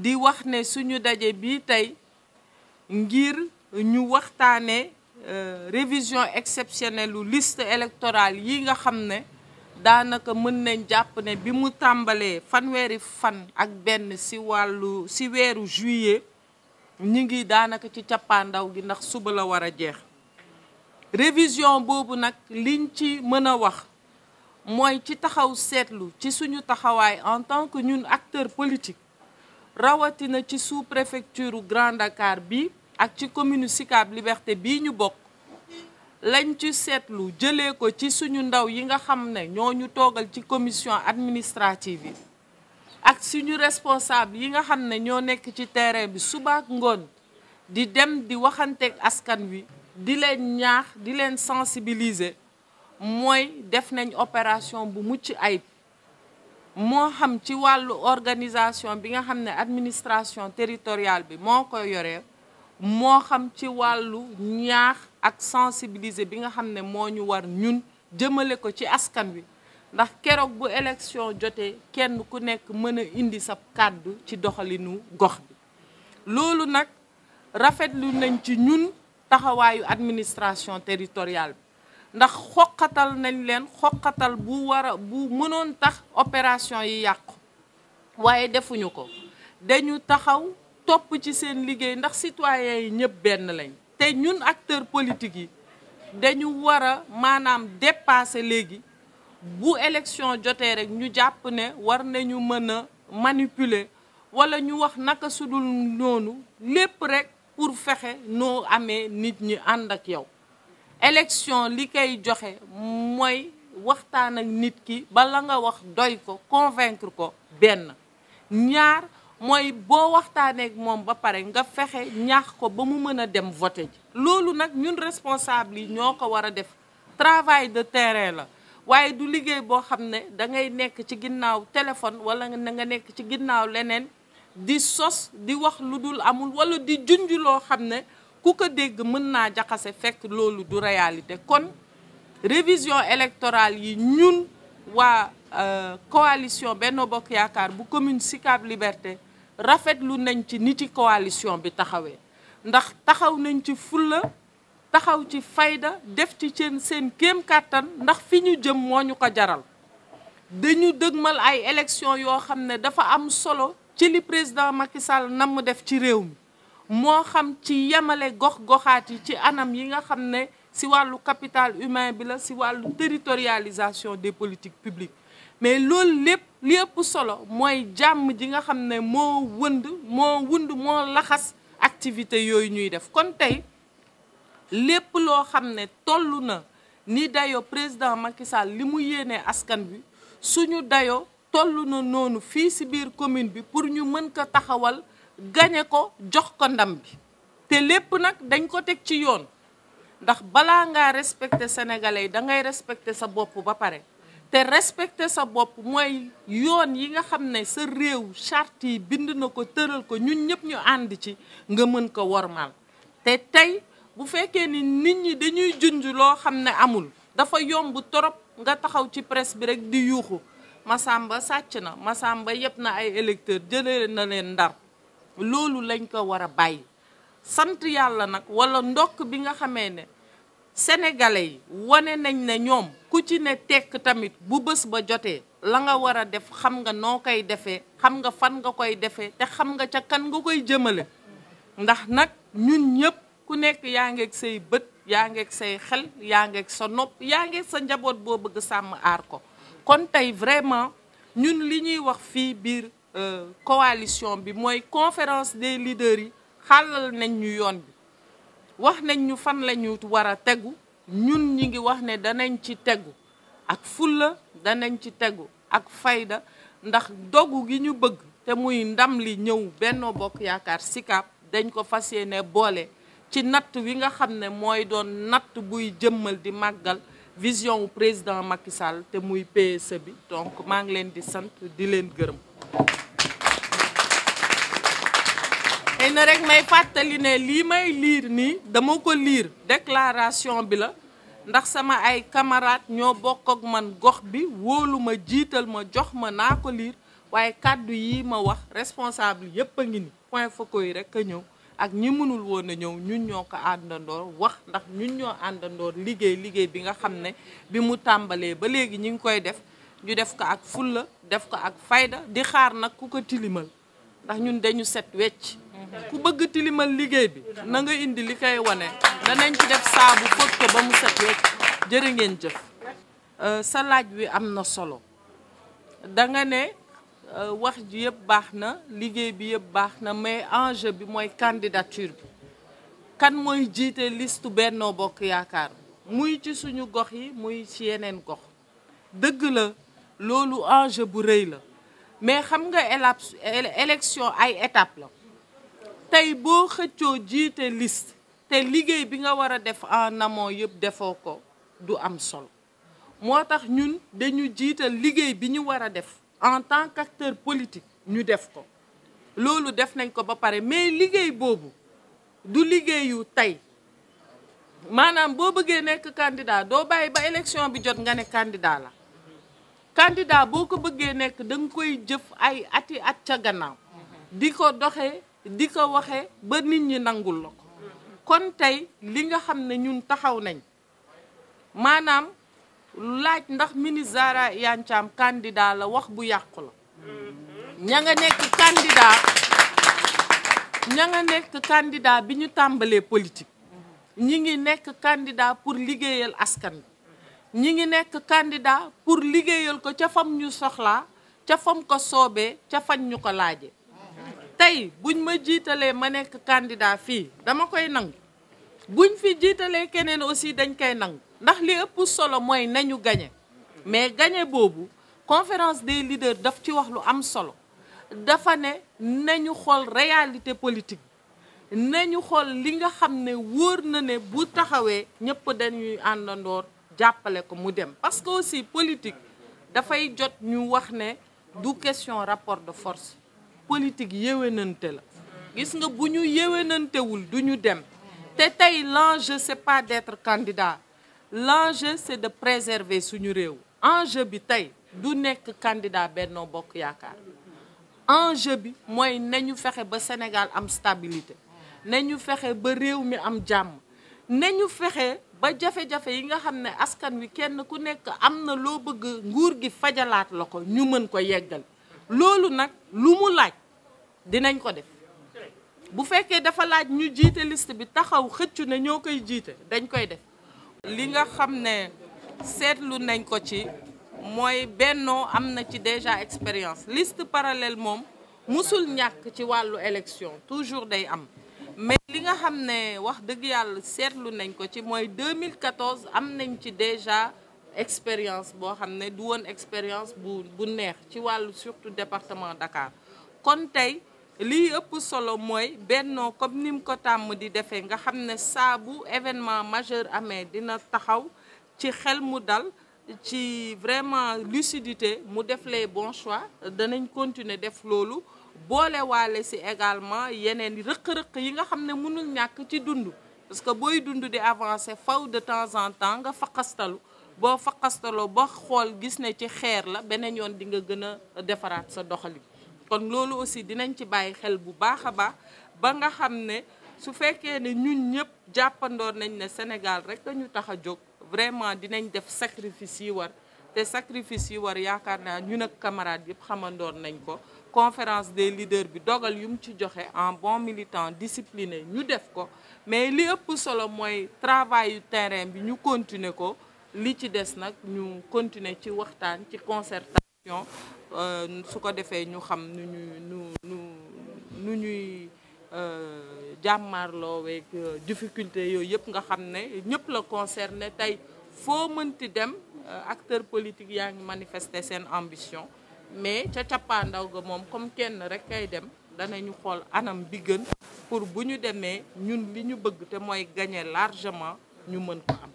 di wax ne suñu daje bi tey ngir ñu waxtaane euh, révision exceptionnelle list liste yi nga xam ne daanaka mën nañ jàpp ne bi mu tàmbalee fanweeri fan ak benn ci weeru juillet ñu ngi daanaka ci cappaandaw gi ndax suba la war a jeex révision boobu nag liñ ci mën a wax mooy ci taxaw seetlu ci suñu taxawaay en tant que ñun acteur politique rawatina ci sous préfecture Grand Dakar bi ak ci commune Sicap Liberté bii ñu bokk lañ ci seetlu jëlee ko ci suñu ndaw yi nga xam ne ñoo ñu toogal ci commission administrative yi ak suñu responsable yi nga xam ne ñoo nekk ci terrain bi suba ngoon di dem di waxanteeg askan wi di leen ñaax di leen sensibiliser mooy def nañ opération bu mucc ayib moo xam ci wàllu organisation bi nga xam ne administration territoriale bi moo ko yore moo xam ci wàllu ñaax ak sensibiliser bi nga xam ne moo ñu war ñun jëmale ko ci askan wi ndax keroog bu élection jotee kenn ku nekk mën a indi sab kàddu ci doxalinu gox bi loolu nag rafetlu nañ ci ñun taxawaayu administration territoriale bi ndax xoqatal nañ leen xoqatal bu war a bu mënoon tax opération yi yàqu waaye defuñu ko dañu taxaw topp ci seen liggéey ndax citoyens yi ñëpp benn lañ te ñun acteur politiques yi dañu war a maanaam dépasser léegi bu élection jotee rek ñu jàpp ne war nañu mën a manipuler wala ñu wax naka sudul noonu lépp rek pour fexe noo amee nit ñi ànd ak yow élection li koy joxe mooy waxtaan ak nit ki bala nga wax doy ko convaincre ko benn ñaar mooy boo waxtaaneek moom ba pare nga fexe ñaax ko ba mu mën a dem voté ji loolu nag ñun responsable yi ñoo ko war a def travail de terrain la waaye du liggéey boo xam ne da ngay nekk ci ginnaaw téléphone wala na nga nekk ci ginnaaw leneen di sos di wax lu dul amul wala di junj loo xam ne ku ko dégg mën naa jaxase fekk loolu du réalité kon révision électorale yi ñun waa euh, coalition benn Bokk Yaakaar bu commune Sicap Liberté rafetlu nañ ci ni ci coalition bi taxawee ndax taxaw nañ ci fulla taxaw ci fayda def ci seen seen kéem kàttan ndax fi ñu jëm moo ñu ko jaral dañu dëgmal ay élection yoo xam ne dafa am solo ci li président Macky Sall namm def ci réew mi moo xam ci yamale gox-goxaat yi ci anam yi nga xam ne si wàllu capital humain bi la si wàllu territorialisation des politiques publiques mais loolu lépp lépp solo mooy jàmm ji nga xam ne moo wënd moo wënd moo laxas activité yooyu ñuy def kon tey lépp loo xam ne toll na ni dayo président Macky li mu yéenee askan bi suñu dayo toll na noonu fii si biir commune bi pour ñu mën ko taxawal gañe ko jox ko ndam bi te lépp nag dañ ko teg ci yoon ndax balaa nga respecter sénégalais yi da ngay respecter sa bopp ba pare te respecter sa bopp mooy yoon yi nga xam ne sa réew charte yi bind na ko tëral ko ñun ñëpp ñu ànd ci nga mën ko wormal te tey bu fekkee ni nit ñi dañuy junj loo xam ne amul dafa yomb torop nga taxaw ci presse bi rek di yuuxu Masamba sàcc na Masamba yëpp na ay électeurs jëlee na leen ndar loolu lañ ko war a bàyyi sant yàlla nag wala ndokk bi nga xamee ne sénégalais yi wane nañ ne ñoom ku ci ne tekk tamit bu bés ba jotee la nga war a def xam nga noo koy defee xam nga fan nga koy defee te xam nga ca kan nga koy jëmale ndax nag ñun ñëpp ku nekk yaa ngeek say bët yaa ngeek say xel yaa ngeeg sa nopp yaa ngeeg sa njaboot boo bëgg sàmm aar ko kon tey vraiment ñun li ñuy wax fii biir Euh, coalition bi mooy conférence des leaders yi xàllal nañ ñu yoon bi wax nañ ñu fan lañu ñu war a tegu ñun ñi ngi wax ne danañ ci tegu ak fulla danañ ci tegu ak fayda ndax dogu gi ñu bëgg te muy ndam li ñëw Benno Bokk Yaakaar Sicap dañ ko fas yéene boole ci natt wi nga xam ne mooy doon natt buy jëmmal di màggal vision wu président Macky te muy PSE bi donc maa ngi leen di sant di leen gërëm xëy na rek may fàttali ne lii may liir nii dama ko liir déclaration bi la ndax sama ay camarade ñoo bokk ak man gox bi wóolu jiital ma jox ma naa ko liir waaye kàddu yi ma wax responsable yépp a ngi ni point focaux yi rek a ñëw ak ñi mënul woona a ñëw ñun ñoo ko àndandoor wax ndax ñun ñoo àndandoor liggéey liggéey bi nga xam ne bi mu tàmbalee ba léegi ñi ngi koy def ñu def ko ak fulla def ko ak fayda di xaar nag ku ko tilimal ndax ñun dañu set wecc ku bëgg tilimal liggéey bi na nga indi li koy wane danañ ci def saabu fóot ko ba mu set wecc jërë ngeen jëf euh, sa laaj wi am na solo da nga ne euh, wax ji yëpp baax na liggéey bi yëpp baax na mais enjeu bi mooy candidature bi kan mooy jiite liste Benno Bokk Yaakaar muy ci suñu gox yi muy ci yeneen gox dëgg la loolu enjeu bu rëy la mais xam nga élection ay étape la tey boo xëccoo jiite liste te liggéey bi nga war a def en namon yëpp defoo ko du am sol moo tax ñun dañu jiital liggéey bi ñu war a def en tant qu'acteur politique ñu def ko loolu def nañ ko ba pare mais liggéey boobu du liggéeyu tey maanaam boo bëggee nekk candidat doo bàyyi ba élection bi jot nga ne candidat la candidat boo ko bëggee nekk danga koy jëf ay ati at ca gannaaw di ko doxee di ko waxe ba nit ñi nangul la ko kon tey li nga xam ne ñun taxaw nañ maanaam laaj ndax ministre Zahra Iyane Thiam la wax bu yàqu la ña nga nekk candidat ña nga nekk candidat bi ñu tàmbalee politique ñi ngi nekk candidat pour liggéeyal askan bi ñi ngi nekk candidat pour liggéeyal ko ca fam ñu soxlaa ca fam ko soobee ca fañ ñu ko laaje tey buñ ma jiitalee ma nekk candidat fii dama koy nangu buñ fi jiitalee keneen aussi dañ koy nangu ndax li ëpp solo mooy nañu gañe mais gañe boobu conférence des lider daf ci wax lu am solo dafa ne nañu xool réalité politique nañu xool li nga xam ne wóor na ne bu taxawee ñëpp dañuy àndandoor jàppale ko mu dem parce que aussi politique dafay jot ñu wax ne du question rapport de force politique yéwénante la gis nga bu ñu yéwénantewul du ñu dem te tey l'enjeu c'est pas d'être candidat l'enjeu c'est de préserver suñu réew enjeu bi tey du nekk candidat Benno Bokk Yaakaar enjeu bi mooy nañu fexe ba Sénégal am stabilité nañu fexe ba réew mi am jàmm nañu fexe ba jafe-jafe yi nga xam ne askan wi kenn ku nekk am na loo bëgg nguur gi fajalaat la ko ñu mën ko yeggal loolu nag lu mu laaj dinañ ko def bu fekkee dafa laaj ñu jiite liste bi taxaw xëccu ne ñoo koy jiite dañ koy def li nga xam ne seetlu nañ ko ci mooy bennoo am na ci déjà expérience liste parallèle moom mosul ñàkk ci wàllu élection toujours day am mais li nga xam ne wax dëgg yàlla seetlu nañ ko ci mooy 2014 am nañ ci déjà expérience boo xam ne du woon expérience bu bu neex ci wàllu surtout département Dakar kon tey lii ëpp solo mooy bennoo comme ni ko tàmm di defee nga xam ne saa événement majeur amee dina taxaw ci xel mu dal ci vraiment lucidité mu def les bons choix danañ continuer def loolu boolewaale si également yeneen rëq-rëq yi nga xam ne mënul ñàkk ci dund parce que booy dund di avancer faw de temps en temps nga faqastalu boo faqastaloo ba xool gis ne ci xeer la beneen yoon di nga gën a defaraat sa doxalin kon loolu aussi dinañ ci bàyyi xel bu baax a baax ba nga xam ne su fekkee ne ñun ñëpp jàppandoor nañ ne Sénégal rek a ñu tax a jóg vraiment dinañ def sacrifice yi war te sacrifice yi war yaakaar naa ñu ak camarades yëpp xamandoor nañ ko conférence des leaders bi dogal yu mu ci joxe en bon militant discipliné ñu def ko mais li ëpp solo mooy travail terrain bi ñu continuer ko li ci des nag ñu continuer ci waxtaan ci concertation euh, su ko defee ñu xam nu ñuy nu nu nu ñuy euh, jàmmarloo weeg euh, difficulté yooyu yëpp nga xam ne ñëpp la concerné tey foo mënti dem acteur politique yaa ngi manifester seen ambition mais ca cappaandaw ga moom comme kenn rek kay dem danañu xool anam bi gën pour bu ñu demee ñun li ñu bëgg te mooy gagner largement ñu mën ko am